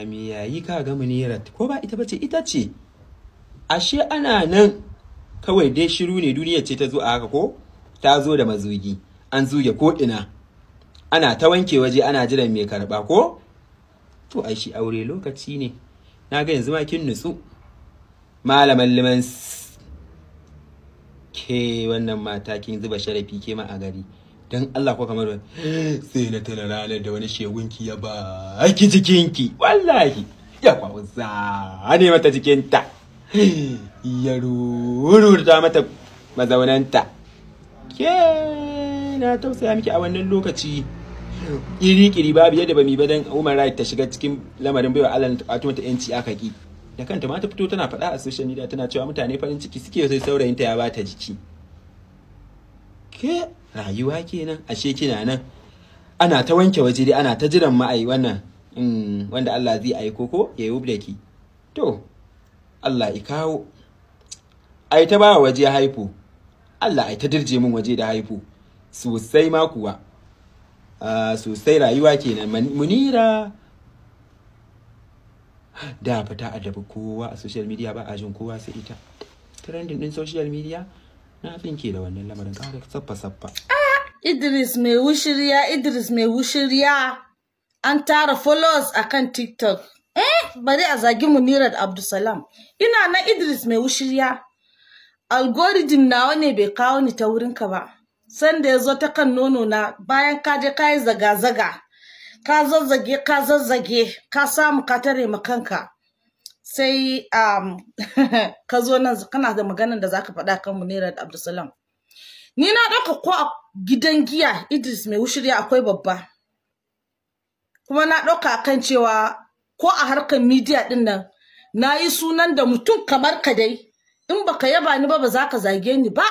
na mi yayi ka ga munirat ko ba ita bace ita ce ashe ana nan kawai dai shiru ne duniya ce ta zo a haka ko ta zo da mazugi an zuge ko ina ana ta wanke waje ana jiran mai karba ko to ai shi aure lokaci ne na ga yanzu ma kin nutsu malaman liman ke wannan mata kin zuba sharafi ke ma a gari don Allah ko kamar eh, sai na tana ranar da wani shegunki ya ba ki cikinki wallahi ya kwawo za ne mata cikinta eh, ya rururta mata mazaunanta ke na tausaya miki a wannan lokaci iri kiri babu yadda ba mi ba dan Umar Right ta shiga cikin lamarin baiwa Allah ta kwato mata yanci aka ki da kanta ma ta fito tana faɗa a social media tana cewa mutane farin ciki suke sai saurayinta ya bata jiki ke rayuwa kenan ashe kina nan ana ta wanke waje dai ana ta jiran ma ai wannan mm, wanda Allah zai aiko ko ya yi da ki to Allah i kawo ai ta ba waje haifu Allah ai ta dirje min waje da haifu sosai ma kuwa sosai rayuwa kenan munira da fata a adabi kowa a social media ba a jin kowa sai ita trending din social media na tsinke da wannan lamarin ka saffa saffa Idris mai wushirya Idris mai wushirya an tara followers kan TikTok eh bari a zagi Munirat Abdulsalam ina na Idris mai wushirya algorithm nawa ne bai kawo ni ta wurinka ba sanda ya zo ta kan nono na bayan ka je ka yi zaga-zaga ka zazzage ka zazzage ka samu ka tare ma kanka sai um, ka zo nan kana da maganar da zaka faɗa kan naira da Abdulsalam. Ni na ɗauka ko a gidan giya Idris mai wushirya akwai babba. Kuma na ɗauka kan cewa ko a harkar midiya ɗin nan na yi sunan da mutum kamar ka dai in baka yaba ni ba ba za ka zage ni ba.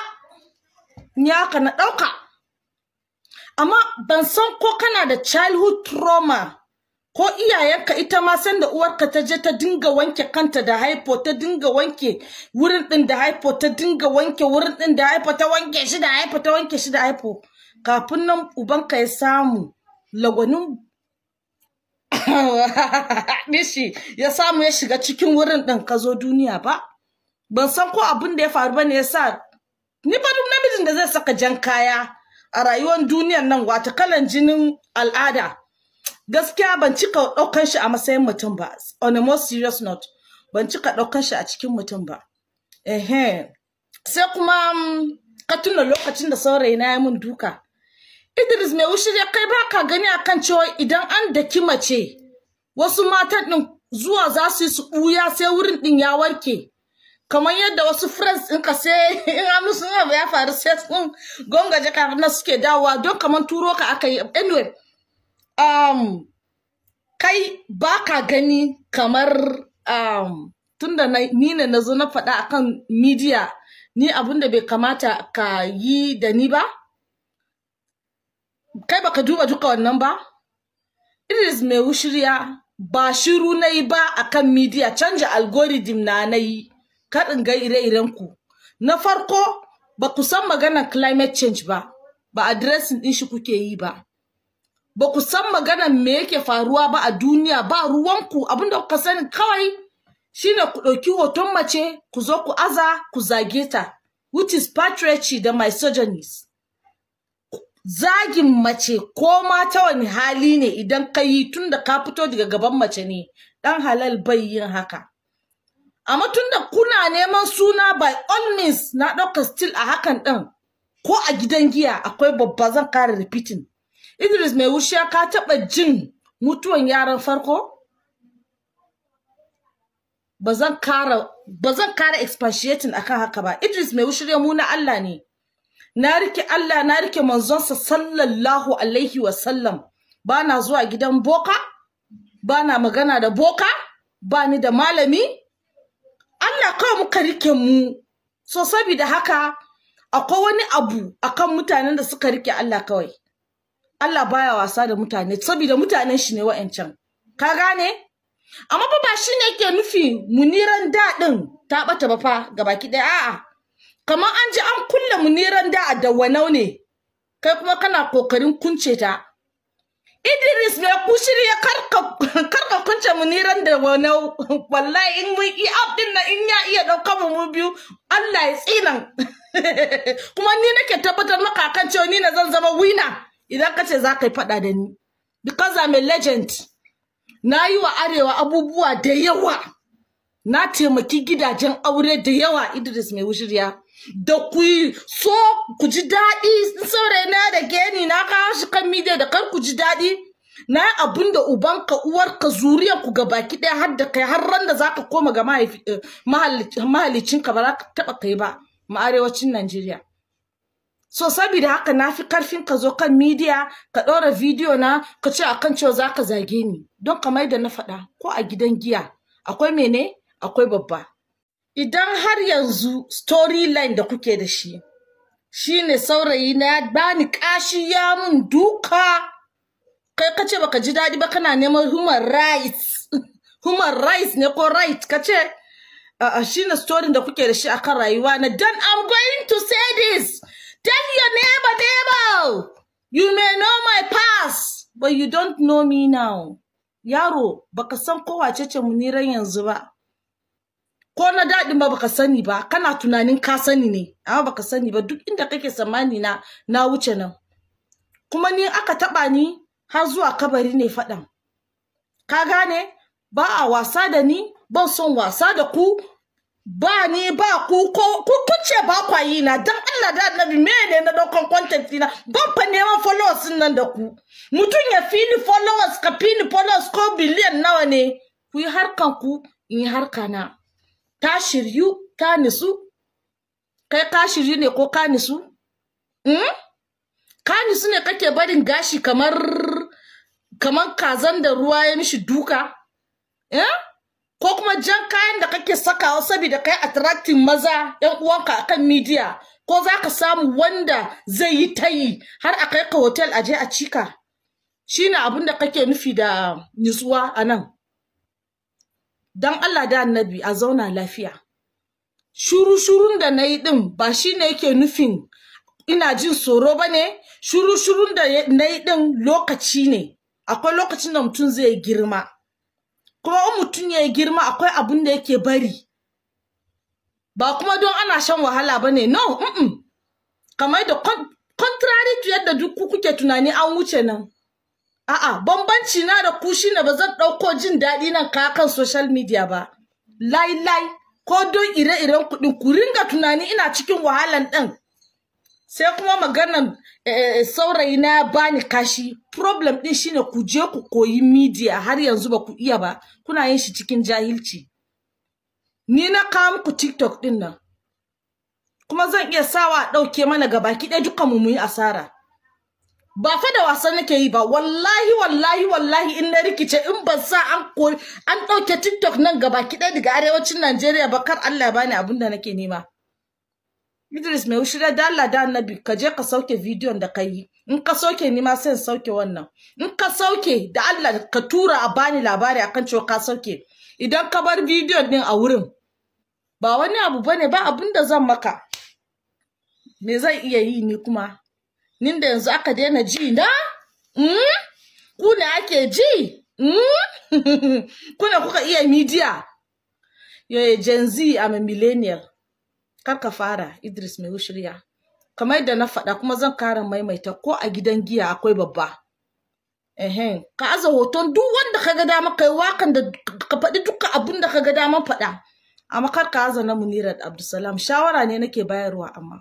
Ni haka na ɗauka. Amma ban san ko kana da childhood trauma ko iyayenka ita ma sanda uwarka ta je ta dinga wanke kanta da haifo ta dinga wanke wurin din da haifo ta dinga wanke wurin din da haifo ta wanke shi da haifo ta wanke shi da haifo kafin nan ubanka ya samu lagwanin mishi ya samu ya shiga cikin wurin din ka zo duniya ba ban san ko abin da ya faru bane ya sa ni ba duk namijin da zai saka jan kaya a rayuwar duniyar nan wata kalan jinin al'ada gaskiya ban cika ɗaukan shi a matsayin mutum ba on a more serious note ban cika ɗaukan shi a cikin mutum ba ehe sai kuma mm, ka tuna lokacin da saurayi na ya min duka Idris mai wushi ya kai baka gani akan cewa idan an daki mace wasu matan din zuwa za su yi su ɓuya sai wurin din ya warke kamar yadda wasu friends din ka sai in an musu ya faru sai sun gongaje na suke dawowa don kamar turo ka aka yi anyway um, kai ba ka gani kamar um, tunda ni ne na zo na faɗa akan midiya ni abin da bai kamata ka yi da ni ba? Kai baka duba duka wannan ba? is mai wushirya ba shiru na yi ba a kan midiya canja algorithm na na yi, kaɗin ga ire-iren ku. Na farko, ba ku san maganar climate change ba, ba adiresin ɗin shi kuke yi ba. ba ku san maganan me yake faruwa ba a duniya ba ruwanku abinda kuka sani kawai shine ku ɗauki hoton mace ku zo ku aza ku zage ta which is patriarchy da misogynist. zagin mace ko ma ta wani hali ne idan ka yi tun da ka fito daga gaban mace ne dan halal bai yin haka amma da kuna neman suna by all means na ɗauka still a hakan ɗin ko a gidan giya akwai babba zan kara repeating Idris mai wushiya ka taɓa jin mutuwan yaran farko? Ba zan kara expatiating akan haka ba. Idris mai wushiya mu na Allah ne. Na rike Allah na rike manzonsa sallallahu alaihi wa sallam. Ba na zuwa gidan boka, ba na magana da boka, ba ni da malami. Allah kawai muka rike mu. So sabida haka akwai wani abu akan mutanen da suka rike Allah kawai. Allah baya wasa da mutane saboda mutanen shi ne wa'ancan ka gane amma ba ba shine yake nufi muniran daɗin ta bata ba fa gabaki ɗaya a'a kamar an ji an kulle muniran da a Dawanau ne kai kuma kana kokarin kunce ta Idris mai kushiri ya karka kunce muniran da wanau wallahi in mun yi abdin na in ya iya ɗauka mu mu biyu Allah ya tsinan kuma ni nake tabbatar maka kan cewa ni na zan zama wina idan ka ce za ka yi faɗa da ni because I'm a legend na yi wa arewa abubuwa da yawa na taimaki gidajen aure da yawa Idris mai wushirya da ku so ku ji daɗi saurayi na da geni na kawo shi kan midiya da kar ku ji daɗi na yi abin da ubanka uwarka zuriyar ku baki ɗaya har da kai har ran da za ka koma ga mahalicinka eh, ba za ka taɓa kai ba ma arewacin Najeriya so saboda haka na fi karfin ka zo kan midiya, ka ɗora video na ka ce akan cewa za ka zage ni don ka mai da na faɗa ko a gidan giya akwai mene akwai babba idan har yanzu storyline da kuke da shi shine saurayi na bani kashi ya mun duka kai kace baka ji daɗi ba kana neman human rights human rights ne ko right kace uh, shine story da kuke da shi akan rayuwa na dan I'm going to say this Tell your neighbor, neighbor, you may know my past, but you don't know me now. Yaro, baka san kowa ce ran yanzu ba. Ko na daɗi ba baka sani ba, kana tunanin ka sani ne, amma baka sani ba duk inda kake tsammani na na wuce nan. Kuma ni aka taɓa ni har zuwa kabari ne faɗan. Ka gane? Ba a wasa da ni, ban son wasa da ku, ba ni ba ku ko ku kuce ba kwa yi na dan Allah da Annabi me ne na daukan content dina ban fa neman followers nan da ku mutun ya fini followers ka fini followers ko biliyan nawa ne ku yi harkan ku in yi harka na ta shiryu ta nisu kai ka shiryu ne ko ka nisu hmm? ka nisu ne kake barin gashi kamar kamar kazan da ruwa ya mishi duka eh ko kuma jan kayan da kake sakawa saboda kai attracting maza yan uwanka akan media ko za ka samu wanda zai yi tayi har a kai ka hotel aje a cika na abin da kake nufi da nutsuwa a nan don Allah da annabi a zauna lafiya shuru-shurun da na yi din ba shi ne yake nufin ina jin tsoro ba ne shuru-shurun da na yi din lokaci ne akwai lokacin da mutum zai girma kuma in mutum ya yi girma akwai abin da yake bari ba kuma don ana shan wahala ba ne no mm kamar da contrary to yadda duk kuke tunani an wuce nan a'a bambanci na da ku shine ba zan ɗauko jin daɗi nan ka kan social media ba lai lai ko don ire-iren kuɗin ku ringa tunani ina cikin wahalan ɗin sai kuma maganan eh, eh, saurayi na bani kashi problem din shine ku je ku koyi media har yanzu ba ku iya ba kuna yin shi cikin jahilci ni na kawo muku tiktok din nan kuma zan iya sawa a ɗauke mana gabaki ɗaya duka mu muyi asara ba fa da wasan nake yi ba wallahi wallahi wallahi in na rikice in ban sa an an ɗauke tiktok nan gabaki ɗaya daga arewacin najeriya ba kar allah bani abin da nake nema Idris mai ushira da Allah da Annabi ka je ka sauke bidiyon da ka yi in ka sauke ni ma sai sauke wannan in ka sauke da Allah ka tura a bani labari akan cewa ka sauke idan ka bar bidiyon din a wurin ba wani abu bane ba abin zan maka me zan iya yi ni kuma nin da yanzu aka daina ji na mm? ku ne ake ji mm? kuna kuka iya midiya yo Gen Z am a millennial kar ka fara Idris mai shirya kamar yadda na faɗa kuma zan kara maimaita ko a gidan giya akwai babba ehen ka aza hoton duk wanda ka ga dama kai wakan da ka faɗi duka abin da ka ga dama faɗa amma kar ka aza na Munirat Abdulsalam shawara ne nake bayarwa amma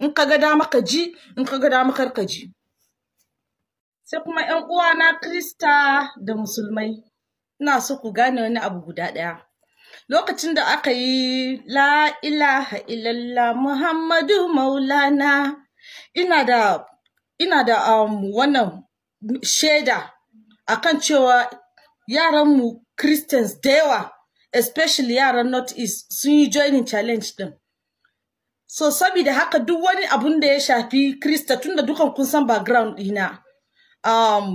in ka ga dama ka ji in ka ga dama kar ka ji sai kuma 'yan na Krista da Musulmai ina so ku gane wani abu guda ɗaya lokacin da aka yi la ilaha illallah muhammadu maulana ina da ina da um, wannan shaida akan cewa yaranmu christians da yawa especially yaran north east sun yi joining challenge din so saboda haka duk wani abun da ya shafi krista tunda dukan kun san background dina um,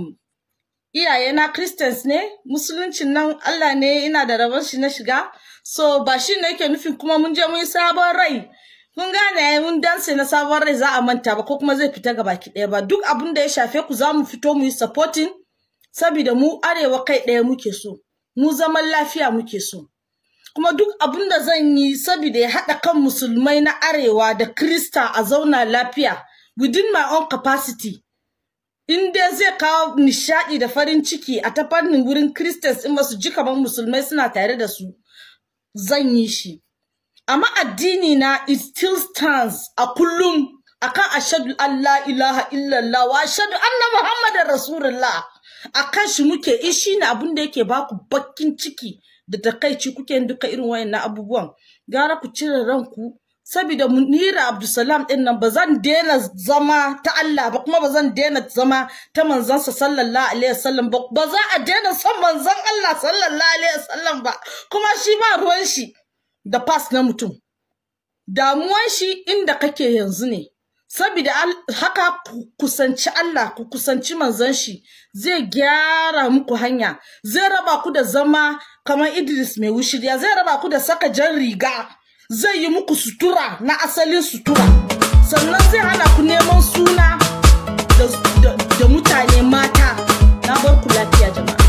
iyayena christians ne musuluncin nan allah ne ina da rabon shi na shiga so ba shi ne yake nufin kuma mun je mun yi sabon rai mun gane mun danse na sabon rai za a manta ba ko kuma zai fita ga baki ɗaya ba duk abin da ya shafe ku za mu fito mu yi supporting saboda mu arewa kai ɗaya muke so mu zaman lafiya muke so kuma duk abin da zan yi saboda ya haɗa kan musulmai na arewa da krista a zauna lafiya within my own capacity in dai zai kawo nishaɗi da farin ciki a ta fannin wurin christians in ba su ji kamar musulmai suna tare da su zan yi shi amma addini na it still stands a kullum akan ashadu Allah ilaha illallah wa ashadu anna muhammadar rasulullah akan shi muke ishi eh, ne abin da yake baku bakin ciki da takaici kuke duka irin wayannan abubuwan gara ku cire ranku saboda munira abdulsalam din nan ba zan daina zama ta Allah ba kuma ba zan daina zama ta manzansa sallallahu alaihi wasallam ba ba za a daina son manzan Allah sallallahu alaihi wasallam ba kuma shi ba ruwan shi da pass na mutum damuwan shi inda kake yanzu ne saboda haka ku kusanci Allah ku kusanci manzon shi zai gyara muku hanya zai raba ku da zama kamar Idris mai wushiriya zai raba ku da saka jan riga zai yi muku sutura na asalin sutura sannan zai hana ku neman suna da mutane mata na bar ku lafiya jama'a